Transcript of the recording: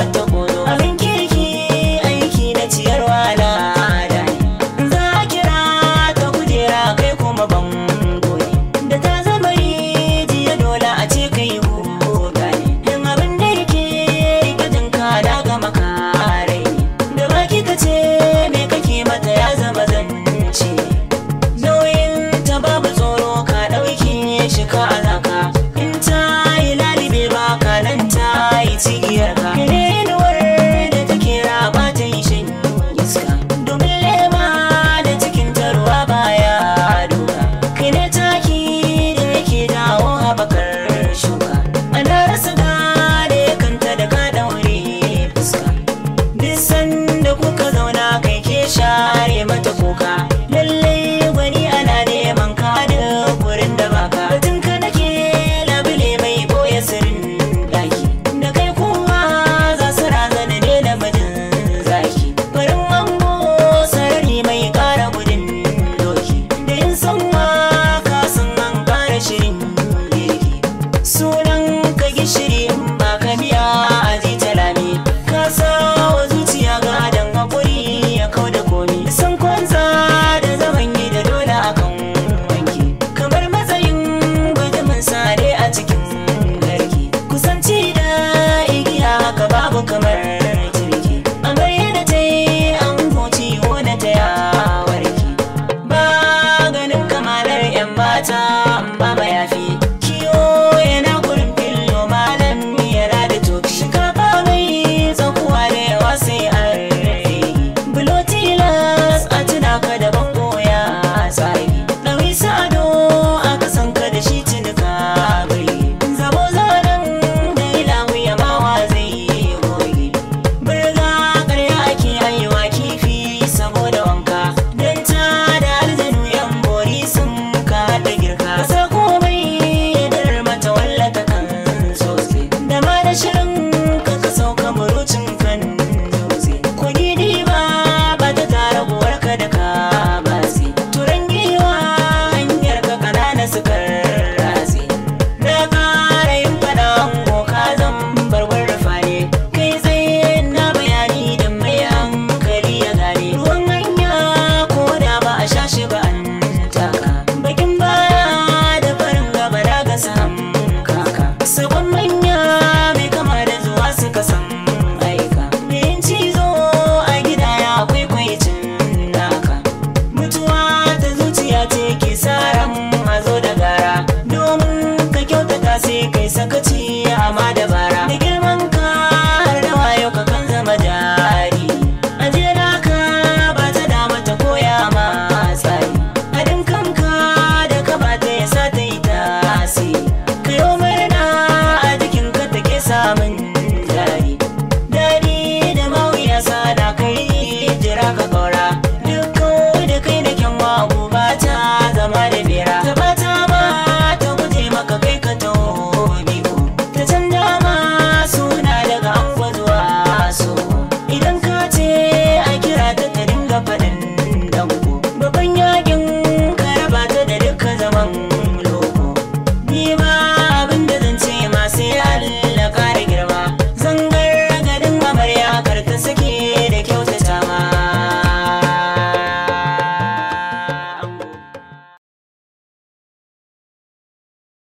Cuando